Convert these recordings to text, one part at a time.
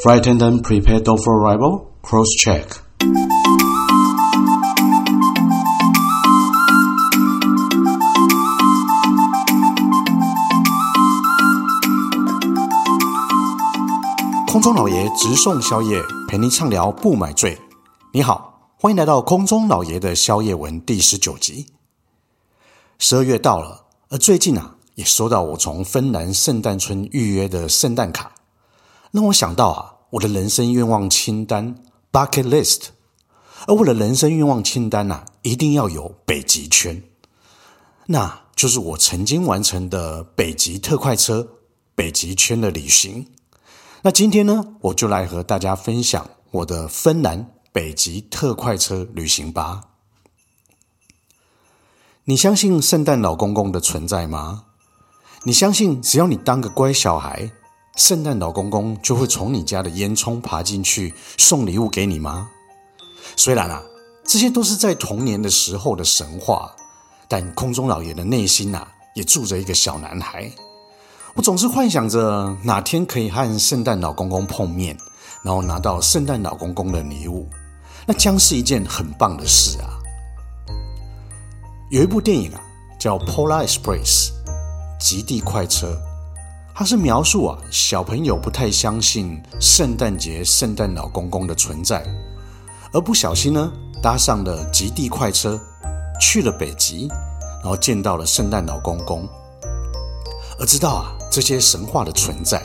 Frightened and prepared for arrival. Cross check. 空中老爺直送宵夜，陪您暢聊不買醉。你好，歡迎來到空中老爺的宵夜文第十九集。十二月到了，而最近啊，也收到我從芬蘭聖誕村預約的聖誕卡。那我想到啊，我的人生願望清單 （bucket list），而我的人生願望清單吶、啊，一定要有北極圈。那就是我曾經完成的北極特快車、北極圈的旅行。那今天呢，我就來和大家分享我的芬蘭北極特快車旅行吧。你相信聖誕老公公的存在嗎？你相信只要你當個乖小孩，聖誕老公公就會從你家的煙囪爬進去送禮物給你嗎？雖然啊，這些都是在童年的時候的神話，但空中老爺的內心啊，也住着一個小男孩。我總是幻想着哪天可以和聖誕老公公碰面，然後拿到聖誕老公公的禮物，那將是一件很棒的事啊。有一部電影啊，叫《Polar Express》，極地快車。他是描述啊，小朋友不太相信聖誕節聖誕老公公的存在，而不小心呢搭上了極地快車，去了北極，然後見到了聖誕老公公，而知道啊這些神話的存在，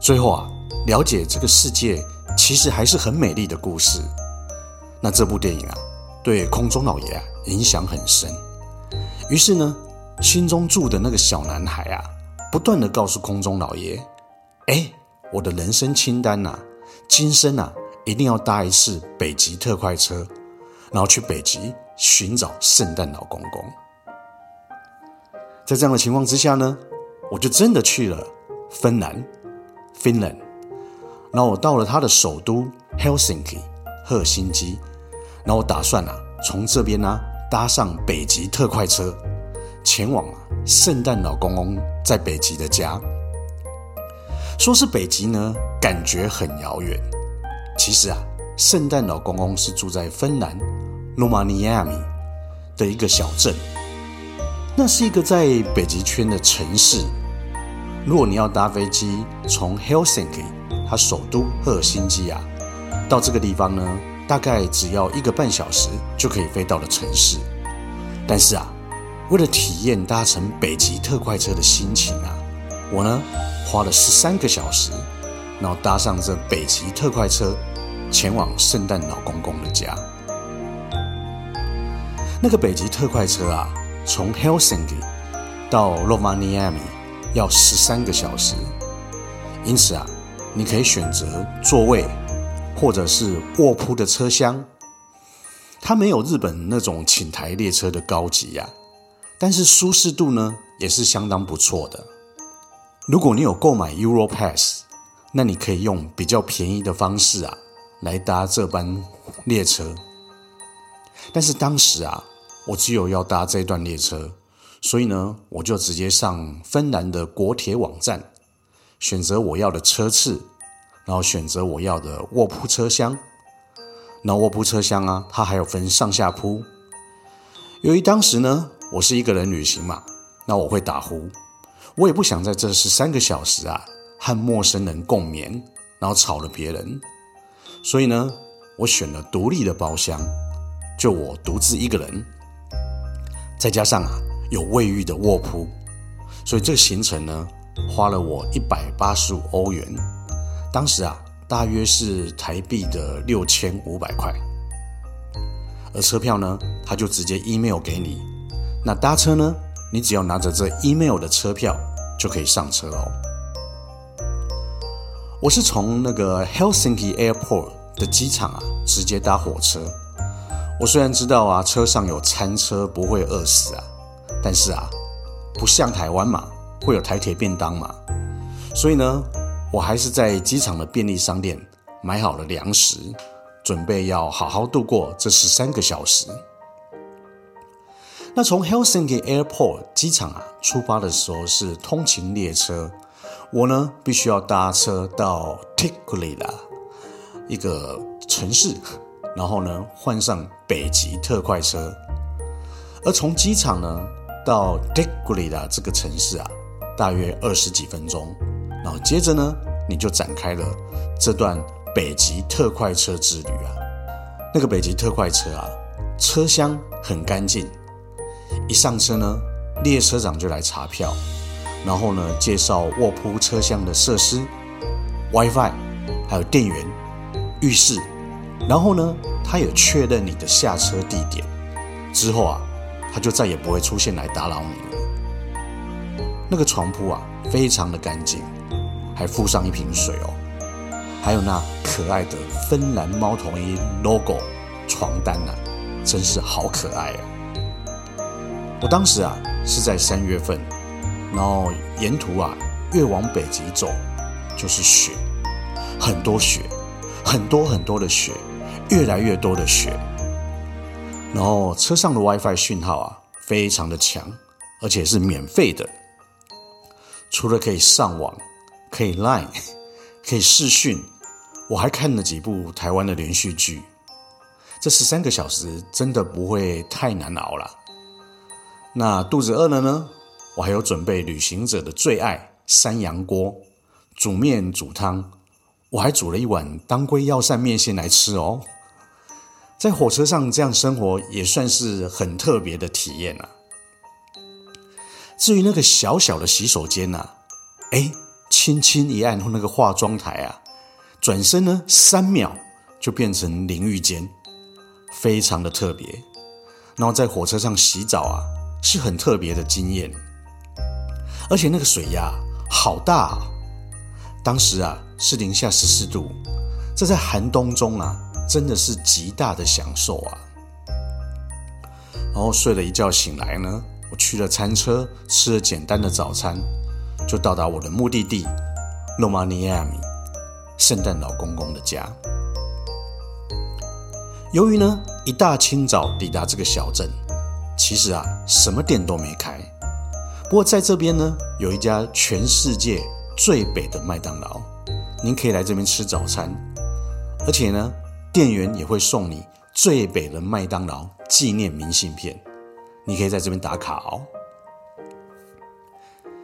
最後啊了解這個世界其實還是很美麗的故事。那這部電影啊對空中老爺啊影響很深，於是呢心中住的那個小男孩啊。不斷的告訴空中老爺：“哎，我的人生清單吶、啊，今生啊，一定要搭一次北極特快車，然後去北極尋找聖誕老公公。”在這樣的情況之下呢，我就真的去了芬蘭，Finland。然後我到了他的首都 Helsinki 赫辛基，然後我打算吶、啊，從這邊呢、啊、搭上北極特快車。前往啊，聖誕老公公在北極的家。說是北極呢，感覺很遙遠。其實啊，聖誕老公公是住在芬蘭羅瓦涅米的一個小鎮。那是一個在北極圈的城市。如果你要搭飛機從 Helsinki 它，首都赫爾辛基啊，到這個地方呢，大概只要一個半小時就可以飛到了城市。但是啊。為了體驗搭乘北極特快車的心情啊，我呢花了十三個小時，然後搭上這北極特快車，前往聖誕老公公的家。那個北極特快車啊，從 Helsinki 到 Rovaniemi 要十三個小時，因此啊，你可以選擇座位或者是臥鋪的車廂，它沒有日本那種寢台列車的高級呀、啊。但是舒適度呢，也是相當不錯的。如果你有購買 Euro Pass，那你可以用比較便宜的方式啊，來搭這班列車。但是當時啊，我只有要搭這段列車，所以呢，我就直接上芬蘭的國鐵網站，選擇我要的車次，然後選擇我要的臥鋪車廂。那臥鋪車廂啊，它還有分上下鋪。由於當時呢，我是一個人旅行嘛，那我會打呼，我也不想在這十三個小時啊和陌生人共眠，然後吵了別人，所以呢，我選了獨立的包廂，就我獨自一個人，再加上啊有衛浴的臥鋪，所以這個行程呢花了我一百八十五歐元，當時啊大約是台幣的六千五百塊，而車票呢他就直接 email 給你。那搭車呢？你只要拿着這 email 的車票就可以上車了哦。我是從那個 Helsinki Airport 的機場啊，直接搭火車。我雖然知道啊，車上有餐車不會餓死啊，但是啊，不像台灣嘛，會有台鐵便當嘛。所以呢，我還是在機場的便利商店買好了糧食，準備要好好度過這十三個小時。那從 Helsinki Airport 機場啊出發的時候是通勤列車，我呢必須要搭車到 Tikkurila 一個城市，然後呢換上北極特快車。而從機場呢到 Tikkurila 這個城市啊，大約二十幾分鐘。然後接着呢，你就展開了這段北極特快車之旅啊。那個北極特快車啊，車廂很乾淨。一上車呢，列車長就來查票，然後呢介紹臥鋪車廂的設施，WiFi，還有電源、浴室，然後呢他也確認你的下車地點，之後啊他就再也不會出現來打擾你了。那個床鋪啊非常的乾淨，還附上一瓶水哦，還有那可愛的芬蘭貓頭鷹 logo 床單吶，真是好可愛啊！我當時啊是在三月份，然後沿途啊越往北極走就是雪，很多雪，很多很多的雪，越來越多的雪。然後車上的 WiFi 訊號啊非常的強，而且是免費的，除了可以上網、可以 LINE、可以視訊，我還看了幾部台灣的連續劇。這十三個小時真的不會太難熬了。那肚子餓了呢？我還有準備旅行者的最愛山羊鍋，煮麵煮湯。我還煮了一碗當歸藥膳麵線來吃哦。在火車上這樣生活也算是很特別的體驗了啊。至於那個小小的洗手間啊，誒，輕輕一按後那個化妝台啊，轉身呢三秒就變成淋浴間，非常的特別。然後在火車上洗澡啊。是很特別的經驗，而且那個水壓，啊，好大啊，當時啊是零下十四度，這在寒冬中啊真的是極大的享受啊。然後睡了一覺醒來呢，我去了餐車吃了簡單的早餐，就到達我的目的地羅瓦涅米聖誕老公公的家。由於呢一大清早抵達這個小鎮。其實啊，什麼店都沒開。不過在這邊呢，有一家全世界最北的麥當勞，您可以來這邊吃早餐，而且呢，店員也會送你最北的麥當勞紀念明信片，你可以在這邊打卡哦。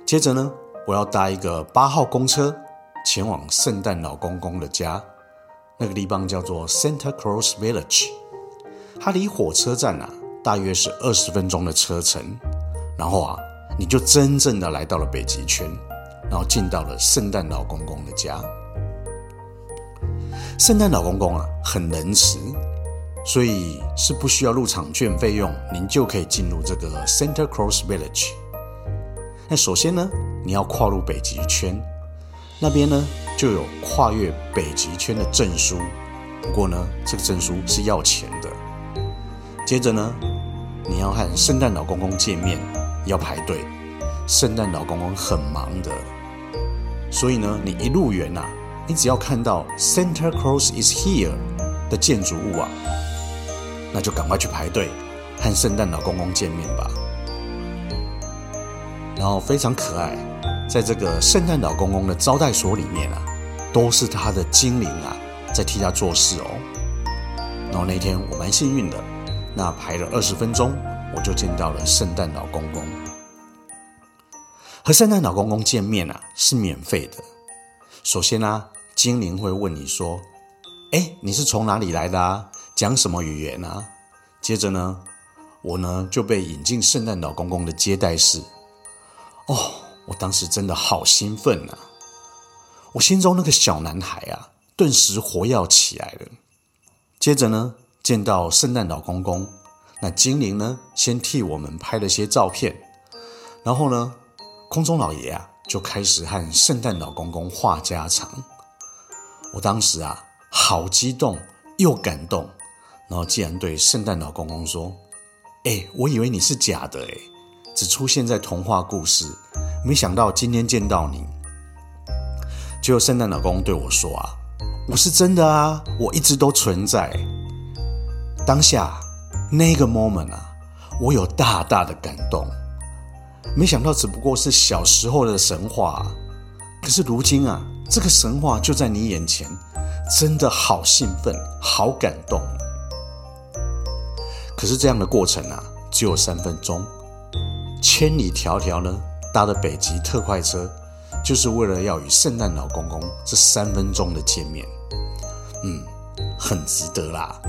接着呢，我要搭一個八號公車前往聖誕老公公的家，那個地方叫做 Santa Claus Village，它離火車站啊。大約是二十分鐘的車程，然後啊，你就真正的來到了北極圈，然後進到了聖誕老公公的家。聖誕老公公啊，很仁慈，所以是不需要入場券費用，您就可以進入這個 Santa Claus Village。那首先呢，你要跨入北極圈，那邊呢就有跨越北極圈的證書，不過呢，這個證書是要錢的。接着呢。你要和聖誕老公公見面，要排隊。聖誕老公公很忙的，所以呢，你一入園吶，你只要看到 Santa Claus is here 的建築物啊，那就趕快去排隊和聖誕老公公見面吧。然後非常可愛，在這個聖誕老公公的招待所裡面啊，都是他的精靈啊在替他做事哦。然後那天我蠻幸運的。那排了二十分鐘，我就見到了聖誕老公公。和聖誕老公公見面啊是免費的。首先呢、啊，精靈會問你說：“哎，你是從哪裡來的啊？講什麼語言啊？”接着呢，我呢就被引進聖誕老公公的接待室。哦，我當時真的好興奮啊！我心中那個小男孩啊，頓時活躍起來了。接着呢。見到聖誕老公公，那精靈呢，先替我們拍了些照片，然後呢，空中老爺啊，就開始和聖誕老公公話家常。我當時啊，好激動又感動，然後竟然對聖誕老公公說：“誒、欸，我以為你是假的誒、欸，只出現在童話故事，沒想到今天見到你。”結果聖誕老公公對我說：“啊，我是真的啊，我一直都存在。”當下那個 moment 啊，我有大大的感動。沒想到，只不過是小時候的神話啊，可是如今啊，這個神話就在你眼前，真的好興奮，好感動。可是這樣的過程啊，只有三分鐘，千里迢迢呢，搭的北極特快車，就是為了要與聖誕老公公這三分鐘的見面。嗯，很值得啦。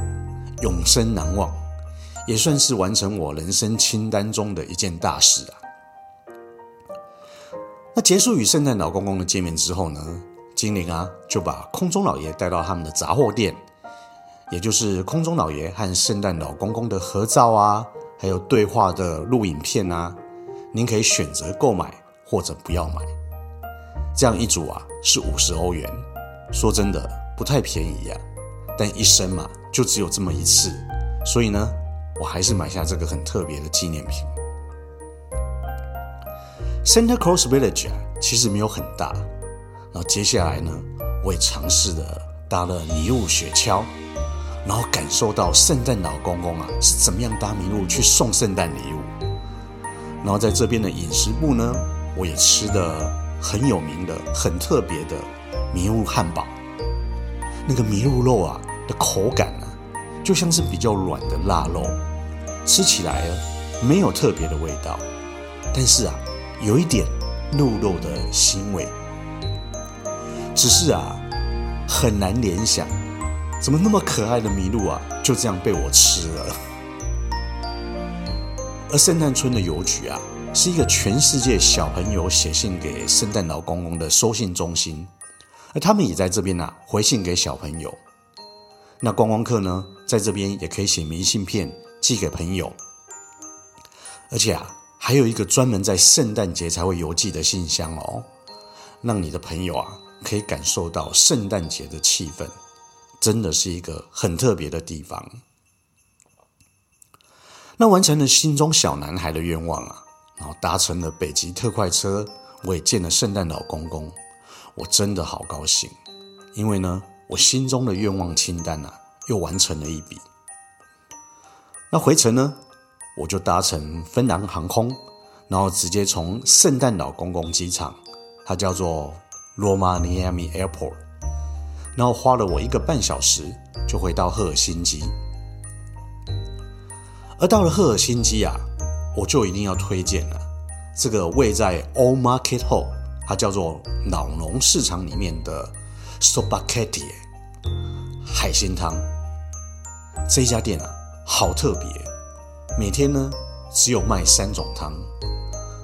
永生難忘，也算是完成我人生清單中的一件大事啊。那結束與聖誕老公公的見面之後呢，精靈啊就把空中老爺帶到他們的雜貨店，也就是空中老爺和聖誕老公公的合照啊，還有對話的錄影片啊，您可以選擇購買或者不要買。這樣一組啊，是五十歐元。說真的，不太便宜呀，啊，但一生嘛，啊。就只有這麼一次，所以呢，我還是買下這個很特別的紀念品。Santa Claus Village 啊，其實沒有很大，然後接下來呢，我也嘗試的搭了麋鹿雪橇，然後感受到聖誕老公公啊是怎麼樣搭麋鹿去送聖誕禮物。然後在這邊的飲食部呢，我也吃的很有名的、很特別的麋鹿漢堡，那個麋鹿肉啊的口感。就像是比較軟的臘肉，吃起來沒有特別的味道，但是啊有一點鹿肉的腥味。只是啊很難聯想，怎麼那麼可愛的麋鹿啊就這樣被我吃了？而聖誕村的郵局啊是一個全世界小朋友寫信給聖誕老公公的收信中心，而他們也在這邊啊，回信給小朋友。那觀光客呢？在這邊也可以寫明信片寄給朋友，而且啊，還有一個專門在聖誕節才會郵寄的信箱哦，讓你的朋友啊可以感受到聖誕節的氣氛，真的是一個很特別的地方。那完成了心中小男孩的願望啊，然後搭乘了北極特快車，我也見了聖誕老公公，我真的好高興，因為呢，我心中的願望清單啊。又完成了一筆。那回程呢，我就搭乘芬蘭航空，然後直接從聖誕老公公機場，它叫做羅瓦涅米 Airport，然後花了我一個半小時就回到赫爾辛基。而到了赫爾辛基啊，我就一定要推薦了、啊、這個位在 Old Market Hall，它叫做老農市場裡面的 Soppakeittiö 海鮮湯。這家店啊，好特別。每天呢，只有賣三種湯。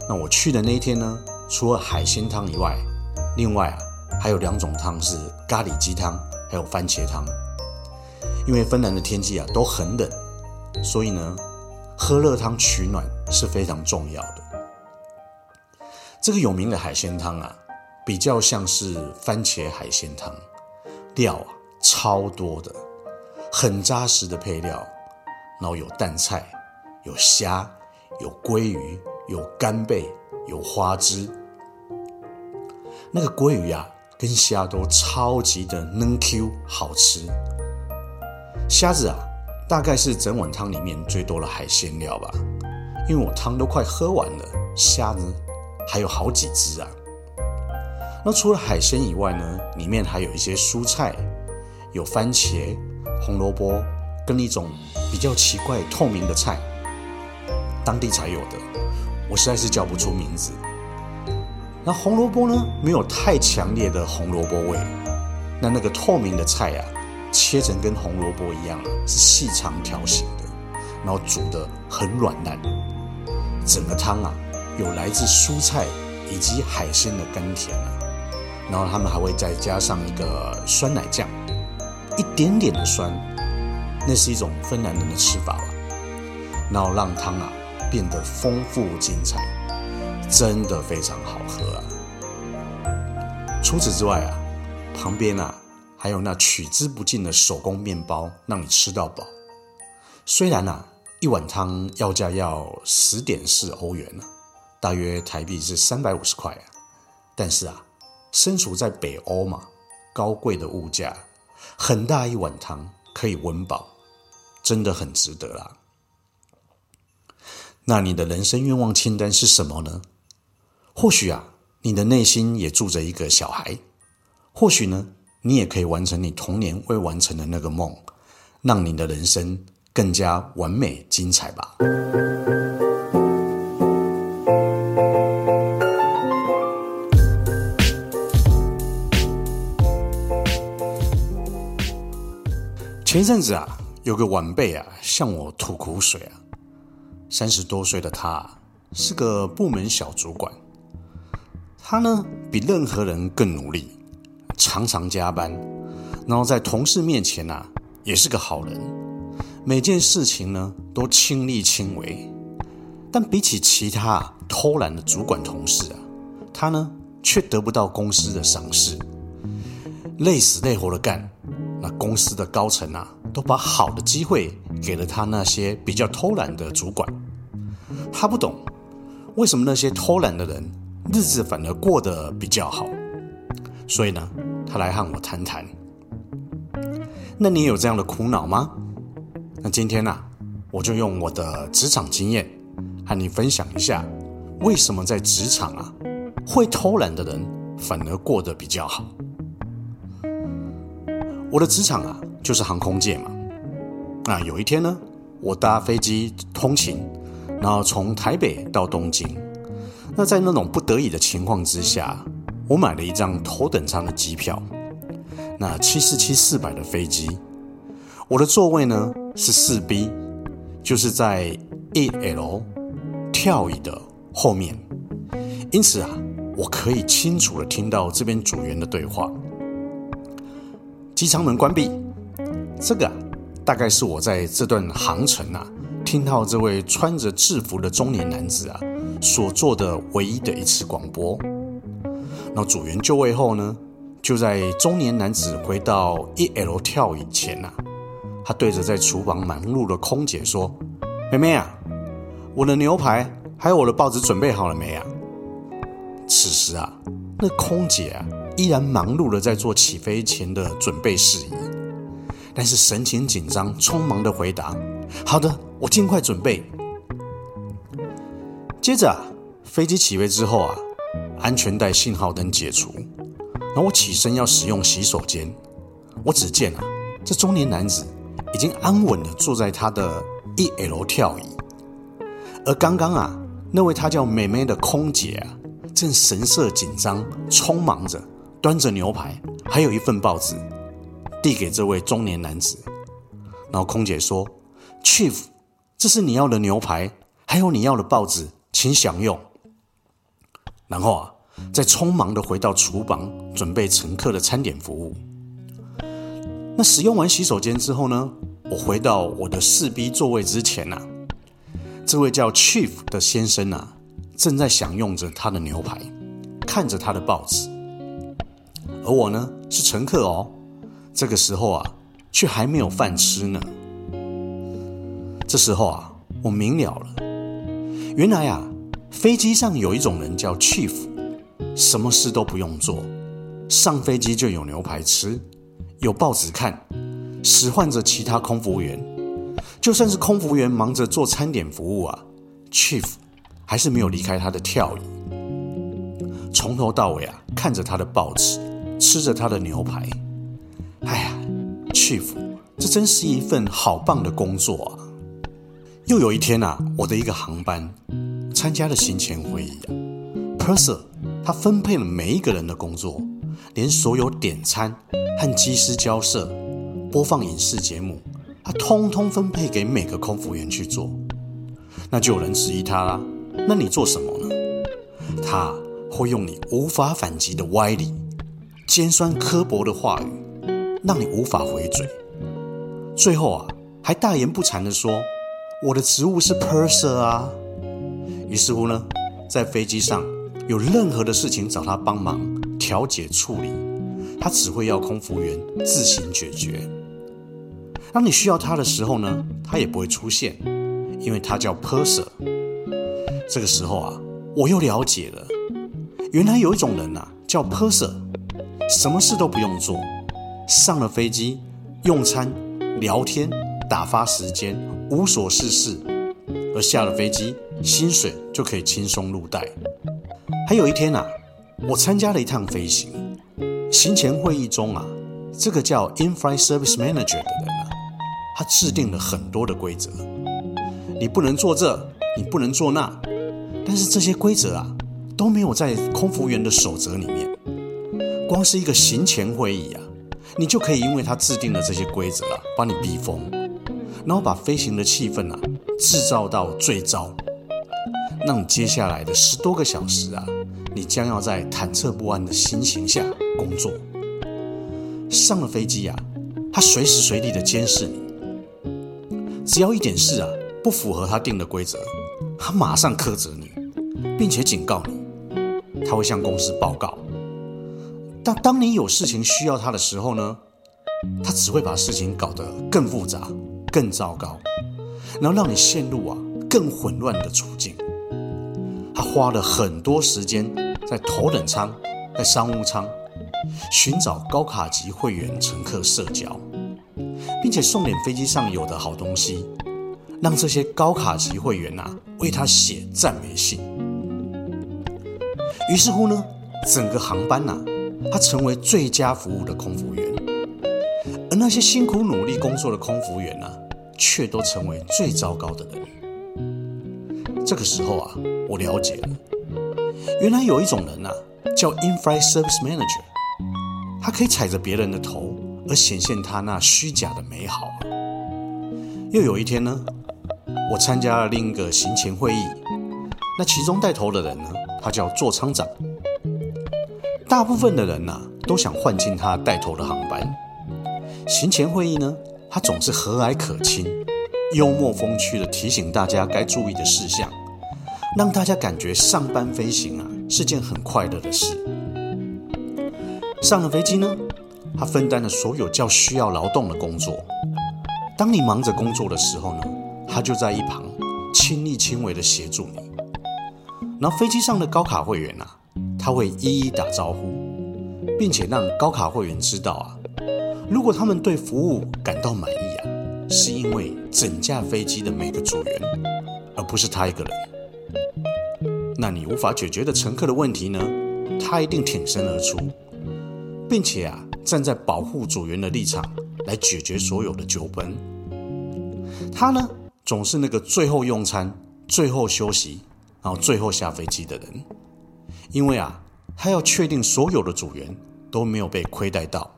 那我去的那一天呢，除了海鮮湯以外，另外啊還有兩種湯是咖喱雞湯，還有番茄湯。因為芬蘭的天氣啊都很冷，所以呢，喝熱湯取暖是非常重要的。這個有名的海鮮湯啊，比較像是番茄海鮮湯，料啊超多的。很扎實的配料，然後有淡菜，有蝦，有鮭魚，有干貝，有花枝。那個鮭魚啊，跟蝦都超級的嫩 Q，好吃。蝦子啊，大概是整碗湯裡面最多的海鮮料吧，因為我湯都快喝完了，蝦呢還有好幾隻啊。那除了海鮮以外呢，裡面還有一些蔬菜，有番茄。紅蘿蔔跟一種比較奇怪透明的菜，當地才有的，我實在是叫不出名字。那紅蘿蔔呢，沒有太強烈的紅蘿蔔味。那那個透明的菜啊，切成跟紅蘿蔔一樣啊，是細長條形的，然後煮的很軟爛。整個湯啊，有來自蔬菜以及海鮮的甘甜啊，然後他們還會再加上一個酸奶醬。一點點的酸，那是一種芬蘭人的吃法啊。然後讓湯啊變得豐富精彩，真的非常好喝啊。除此之外啊，旁邊啊還有那取之不盡的手工麵包，讓你吃到飽。雖然啊一碗湯要價要十點四歐元呢，大約台幣是三百五十塊啊。但是啊，身處在北歐嘛，高貴的物價。很大一碗湯可以溫飽，真的很值得啦、啊。那你的人生願望清單是什麼呢？或許啊，你的內心也住着一個小孩，或許呢，你也可以完成你童年未完成的那個夢，讓你的人生更加完美精彩吧。前一陣子啊，有個晚輩啊，向我吐苦水啊。三十多歲的他啊，是個部門小主管，他呢比任何人更努力，常常加班，然後在同事面前呢啊，也是個好人，每件事情呢都親力親為。但比起其他啊，偷懶的主管同事啊，他呢卻得不到公司的賞識，累死累活的幹。公司的高層啊，都把好的機會給了他那些比較偷懶的主管，他不懂為什麼那些偷懶的人日子反而過得比較好。所以呢，他來和我談談。那你有這樣的苦惱嗎？那今天呢、啊，我就用我的職場經驗和你分享一下，為什麼在職場啊，會偷懶的人反而過得比較好。我的職場啊，就是航空界嘛。那有一天呢，我搭飛機通勤，然後從台北到東京。那在那種不得已的情況之下，我買了一張頭等艙的機票。那七四七四百的飛機，我的座位呢是四 B，就是在 E L 跳椅的後面。因此啊，我可以清楚的聽到這邊組員的對話。機艙門關閉，這個、啊、大概是我在這段航程啊，聽到這位穿着制服的中年男子啊，所做的唯一的一次廣播。那組員就位後呢，就在中年男子回到 1L 跳椅前啊，他對着在廚房忙碌的空姐說：“妹妹啊，我的牛排還有我的報紙準備好了沒啊？”此時啊，那空姐。啊……依然忙碌的在做起飛前的準備事宜，但是神情緊張、匆忙的回答：“好的，我儘快準備。”接著啊，飛機起飛之後啊，安全帶信號燈解除，然後我起身要使用洗手間，我只見啊，這中年男子已經安穩的坐在他的 EL 跳椅，而剛剛啊那位他叫妹妹的空姐啊，正神色緊張、匆忙着。端着牛排，還有一份報紙，遞給這位中年男子。然後空姐說：“Chief，這是你要的牛排，還有你要的報紙，請享用。”然後啊，再匆忙的回到廚房，準備乘客的餐點服務。那使用完洗手間之後呢，我回到我的四 B 座位之前啊，這位叫 Chief 的先生啊，正在享用着他的牛排，看着他的報紙。而我呢，是乘客哦。這個時候啊，卻還沒有飯吃呢。這時候啊，我明了了，原來啊，飛機上有一種人叫 chief，什麼事都不用做，上飛機就有牛排吃，有報紙看，使喚着其他空服務員。就算是空服務員忙着做餐點服務啊，chief 還是沒有離開他的跳椅，從頭到尾啊，看着他的報紙。吃着他的牛排唉，哎呀，chef，這真是一份好棒的工作啊！又有一天吶、啊，我的一個航班參加了行前會議啊，Purser，他分配了每一個人的工作，連所有點餐和機師交涉、播放影視節目，他通通分配給每個空服員去做。那就有人質疑他啦、啊，那你做什麼呢？他會用你無法反擊的歪理。尖酸刻薄的話語，讓你無法回嘴。最後啊，還大言不慚地說：“我的職務是 Purser 啊。”於是乎呢，在飛機上有任何的事情找他幫忙調解處理，他只會要空服員自行解決。當你需要他的時候呢，他也不會出現，因為他叫 Purser。這個時候啊，我又了解了，原來有一種人吶、啊，叫 Purser。什麼事都不用做，上了飛機用餐、聊天、打發時間，無所事事；而下了飛機，薪水就可以輕鬆入袋。還有一天啊，我參加了一趟飛行，行前會議中啊，這個叫 Inflight Service Manager 的人啊，他制定了很多的規則，你不能做這，你不能做那，但是這些規則啊，都沒有在空服員的守則裡面。光是一個行前會議啊，你就可以因為他制定的這些規則啊，把你逼瘋，然後把飛行的氣氛啊製造到最糟，那你接下來的十多個小時啊，你將要在忐忑不安的心情下工作。上了飛機啊，他隨時隨地的監視你，只要一點事啊不符合他定的規則，他馬上苛責你，並且警告你，他會向公司報告。但當你有事情需要他的時候呢，他只會把事情搞得更複雜、更糟糕，然後讓你陷入啊更混亂的處境。他花了很多時間在頭等艙、在商務艙，尋找高卡級會員乘客社交，並且送點飛機上有的好東西，讓這些高卡級會員吶、啊、為他寫讚美信。於是乎呢，整個航班吶、啊。他成為最佳服務的空服員，而那些辛苦努力工作的空服員呢、啊，卻都成為最糟糕的人。這個時候啊，我了解了，原來有一種人吶、啊，叫 Inflight Service Manager，他可以踩着別人的頭，而顯現他那虛假的美好。又有一天呢，我參加了另一個行前會議，那其中帶頭的人呢，他叫做艙長。大部分的人吶、啊，都想換進他帶頭的航班。行前會議呢，他總是和藹可親、幽默風趣的提醒大家該注意的事項，讓大家感覺上班飛行啊是件很快樂的事。上了飛機呢，他分擔了所有較需要勞動的工作。當你忙着工作的時候呢，他就在一旁親力親為的協助你。然後飛機上的高卡會員啊。他會一一打招呼，並且讓高卡會員知道啊，如果他們對服務感到滿意啊，是因為整架飛機的每個組員，而不是他一個人。那你無法解決的乘客的問題呢，他一定挺身而出，並且啊，站在保護組員的立場來解決所有的糾紛。他呢，總是那個最後用餐、最後休息，然後最後下飛機的人。因為啊，他要確定所有的組員都沒有被虧待到，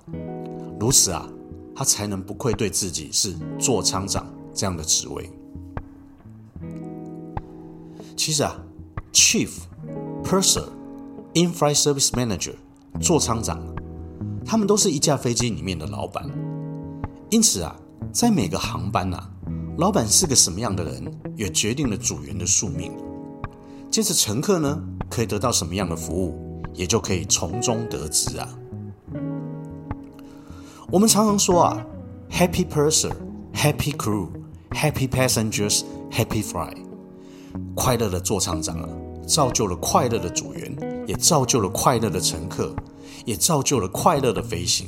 如此啊，他才能不愧對自己是座艙長這樣的職位。其實啊，chief purser、in-flight service manager、座艙長，他們都是一架飛機裡面的老闆。因此啊，在每個航班啊，老闆是個什麼樣的人，也決定了組員的宿命。這次乘客呢，可以得到什麼樣的服務，也就可以從中得知啊。我們常常說啊，Happy purser, Happy crew, Happy passengers, Happy flight。快樂的座艙長啊，造就了快樂的組員，也造就了快樂的乘客，也造就了快樂的飛行。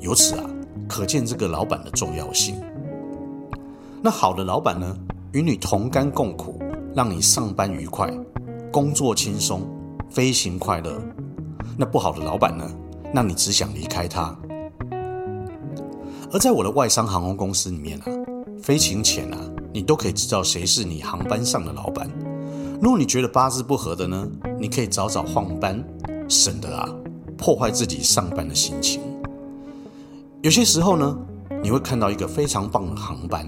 由此啊，可見這個老板的重要性。那好的老板呢，與你同甘共苦，讓你上班愉快。工作輕鬆，飛行快樂。那不好的老板呢？那你只想離開他。而在我的外商航空公司裡面啊，飛行前啊，你都可以知道誰是你航班上的老板。如果你覺得八字不合的呢，你可以早早換班，省得啊破壞自己上班的心情。有些時候呢，你會看到一個非常棒的航班，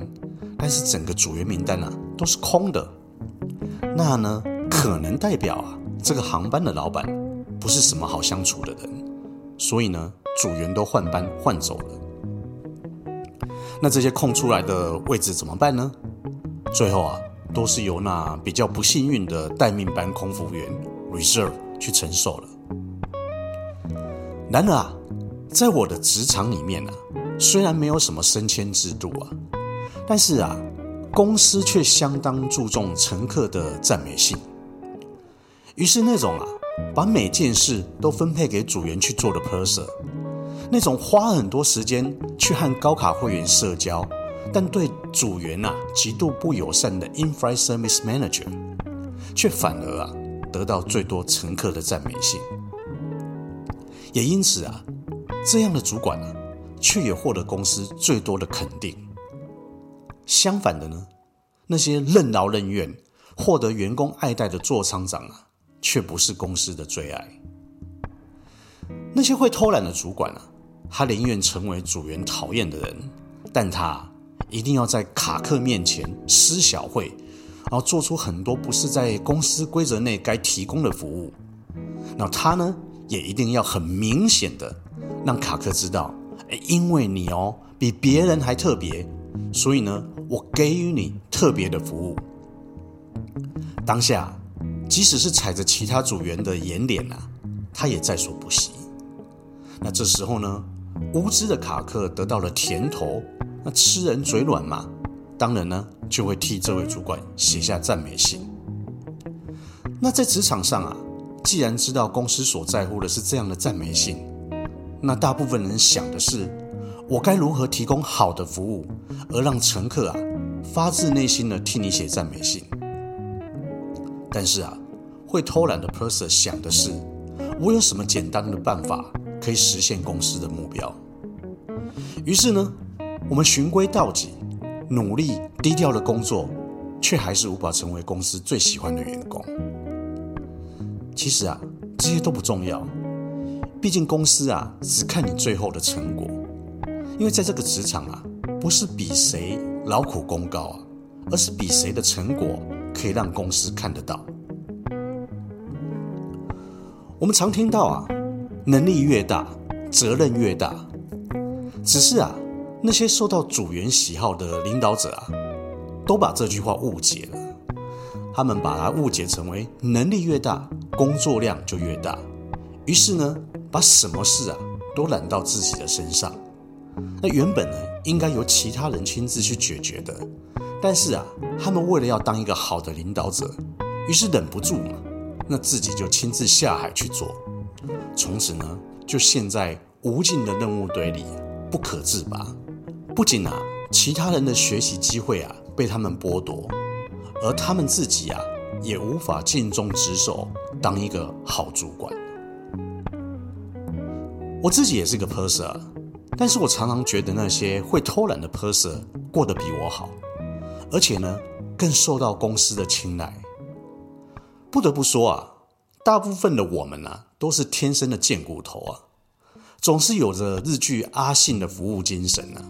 但是整個組員名單啊都是空的。那呢？可能代表啊，這個航班的老板不是什麼好相處的人，所以呢，組員都換班換走了。那這些空出來的位置怎麼辦呢？最後啊，都是由那比較不幸運的待命班空服員 reserve 去承受了。然而啊，在我的職場裡面啊，雖然沒有什麼升遷制度啊，但是啊，公司卻相當注重乘客的讚美信。於是那種啊，把每件事都分配給組員去做的 purser，那種花很多時間去和高卡會員社交，但對組員吶、啊、極度不友善的 inflight service manager，卻反而啊得到最多乘客的讚美信，也因此啊，這樣的主管啊，卻也獲得公司最多的肯定。相反的呢，那些任勞任怨、獲得員工愛戴的座艙長啊。卻不是公司的最愛。那些會偷懶的主管啊，他寧願成為組員討厭的人，但他一定要在卡克面前施小惠，然後做出很多不是在公司規則內該提供的服務。那他呢，也一定要很明顯的讓卡克知道：欸、因為你哦比別人還特別，所以呢，我給予你特別的服務。當下。即使是踩着其他組員的眼臉啊，他也在所不惜。那這時候呢，無知的卡克得到了甜頭，那吃人嘴軟嘛，當然呢就會替這位主管寫下讚美信。那在職場上啊，既然知道公司所在乎的是這樣的讚美信，那大部分人想的是，我該如何提供好的服務，而讓乘客啊發自內心的替你寫讚美信。但是啊，會偷懶的 person 想的是，我有什麼簡單的辦法可以實現公司的目標？於是呢，我們循規蹈矩，努力低調的工作，卻還是無法成為公司最喜歡的員工。其實啊，這些都不重要，畢竟公司啊只看你最後的成果，因為在這個職場啊，不是比誰勞苦功高啊，而是比誰的成果。可以讓公司看得到。我們常聽到啊，能力越大，責任越大。只是啊，那些受到組員喜好的領導者啊，都把這句話誤解了。他們把它誤解成為能力越大，工作量就越大。於是呢，把什麼事啊都攬到自己的身上。那原本呢，應該由其他人親自去解決的。但是啊，他們為了要當一個好的領導者，於是忍不住嘛、啊，那自己就親自下海去做。從此呢，就陷在無盡的任務堆裡，不可自拔。不僅啊，其他人的學習機會啊，被他們剝奪，而他們自己啊，也無法盡忠職守，當一個好主管。我自己也是個 person，但是我常常覺得那些會偷懶的 person 過得比我好。而且呢，更受到公司的青睞。不得不說啊，大部分的我們吶、啊，都是天生的賤骨頭啊，總是有着日劇阿信的服務精神啊，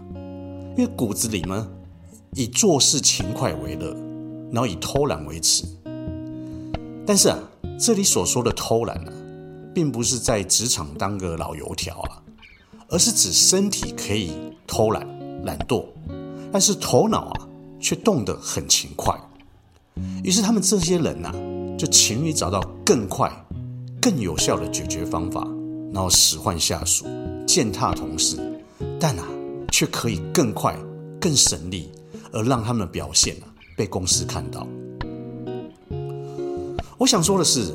因為骨子裡呢，以做事勤快為樂，然後以偷懶為恥。但是啊，這裡所說的偷懶啊，並不是在職場當個老油條啊，而是指身體可以偷懶懶惰，但是頭腦啊。卻動得很勤快，於是他們這些人吶、啊，就勤於找到更快、更有效的解決方法，然後使喚下屬、踐踏同事，但啊，卻可以更快、更省力，而讓他們的表現啊被公司看到。我想說的是，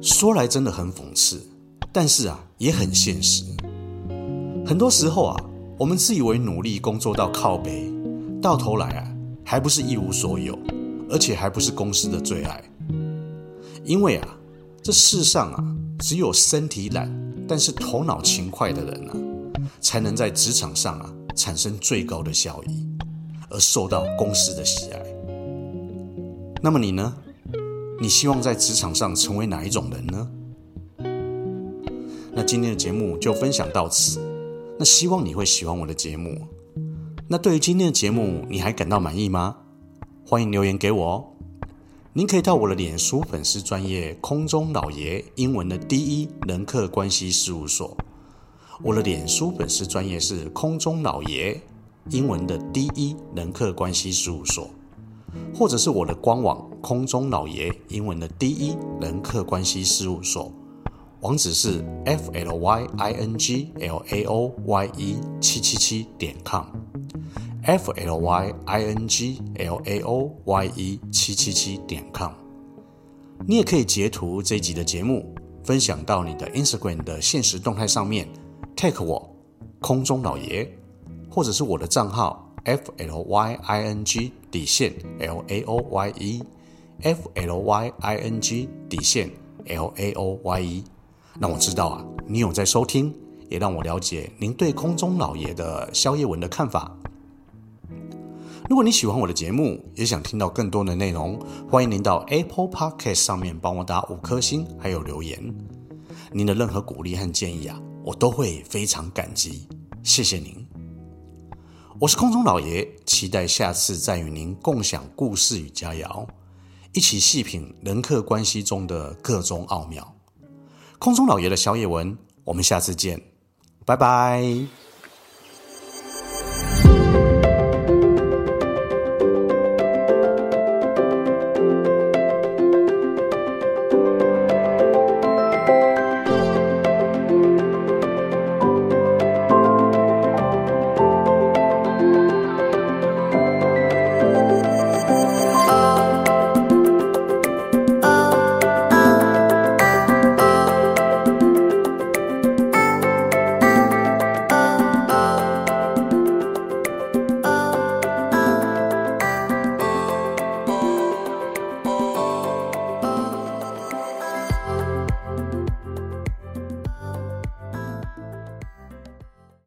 說來真的很諷刺，但是啊，也很現實。很多時候啊，我們自以為努力工作到靠北，到頭來啊。還不是一無所有，而且還不是公司的最愛，因為啊，這世上啊，只有身體懶但是頭腦勤快的人啊，才能在職場上啊產生最高的效益，而受到公司的喜愛。那麼你呢？你希望在職場上成為哪一種人呢？那今天的節目就分享到此，那希望你會喜歡我的節目。那對於今天的節目，你還感到滿意嗎？歡迎留言給我哦。您可以到我的臉書粉絲專頁“空中老爺”英文的 de 人客關係事務所。我的臉書粉絲專頁是“空中老爺”英文的 de 人客關係事務所，或者是我的官網“空中老爺”英文的 de 人客關係事務所。網址是 f l y i n g l a o y e 七七七點 com。flyinglaoye 七七七點 com，你也可以截圖這一集的節目，分享到你的 Instagram 的限時動態上面 tag 我空中老爺，或者是我的賬號 flying 底線 laoye，flying 底線 laoye。讓我知道啊，你有在收聽，也讓我了解您對空中老爺的宵夜文的看法。如果你喜歡我的節目，也想聽到更多的內容，歡迎您到 Apple Podcast 上面幫我打五顆星，還有留言。您的任何鼓勵和建議啊，我都會非常感激。謝謝您，我是空中老爺，期待下次再與您共享故事與佳肴，一起細品人客關係中的各種奧妙。空中老爺的宵夜文，我們下次見，拜拜。